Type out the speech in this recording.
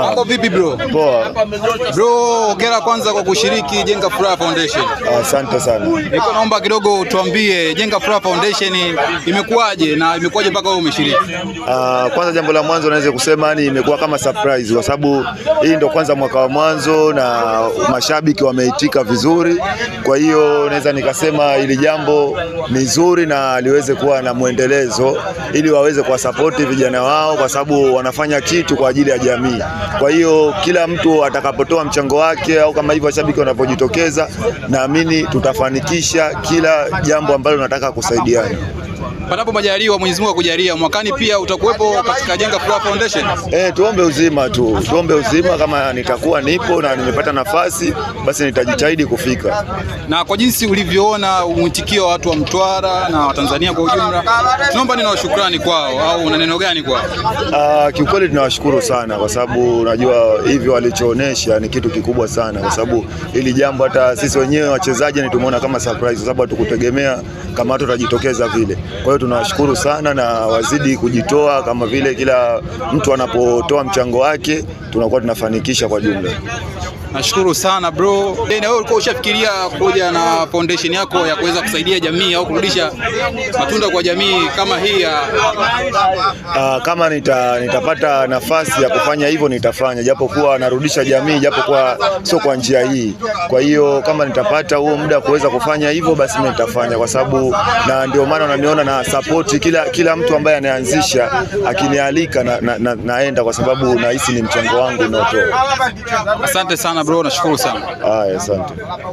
Mambo vipi bro? Poa. Bro, hongera kwanza kwa kushiriki Jenga Furaha Foundation. Asante sana. Niko naomba kidogo tuambie Jenga Furaha Foundation imekuwaje na imekuwaje mpaka wewe umeshiriki? Ah, kwanza jambo la mwanzo naweza kusema ni imekuwa kama surprise kwa sababu hii ndo kwanza mwaka wa mwanzo na mashabiki wameitika vizuri. Kwa hiyo naweza nikasema hili jambo ni zuri na liweze kuwa na mwendelezo ili waweze kuwasapoti vijana wao kwa sababu wanafanya kitu kwa ajili ya jamii. Kwa hiyo kila mtu atakapotoa mchango wake au kama hivyo washabiki wanapojitokeza, naamini tutafanikisha kila jambo ambalo nataka kusaidiana panapo majaliwa Mwenyezi Mungu akujalia, mwakani pia utakuwepo katika Jenga Furaha Foundation. Eh, tuombe uzima tu, tuombe uzima. Kama nitakuwa nipo na nimepata nafasi, basi nitajitahidi kufika. Na kwa jinsi ulivyoona mwitikio wa watu wa Mtwara na Watanzania kwa ujumla, tunaomba neno la kwao, au una neno gani kwao? Ah, kiukweli tunawashukuru sana kwa sababu unajua hivyo walichoonesha ni kitu kikubwa sana, kwa sababu hili jambo hata sisi wenyewe wachezaji ni tumeona kama surprise, kwa sababu hatukutegemea kama watu watajitokeza vile. Kwa hiyo tunawashukuru sana na wazidi kujitoa, kama vile kila mtu anapotoa mchango wake tunakuwa tunafanikisha kwa jumla. Nashukuru sana bro. Na wewe ulikuwa ushafikiria kuja na foundation yako ya kuweza kusaidia jamii au kurudisha matunda kwa jamii kama hii ya uh, kama nita, nitapata nafasi ya kufanya hivyo nitafanya, japokuwa narudisha jamii, japokuwa sio kwa njia hii. Kwa hiyo kama nitapata huo muda kuweza kufanya hivyo, basi nitafanya, kwa sababu na ndio maana unaniona na support kila, kila mtu ambaye anaanzisha akinialika na, na, na, naenda kwa sababu nahisi ni mchango wangu unaotoa. Asante sana bro, nashukuru sana. Haya, asante.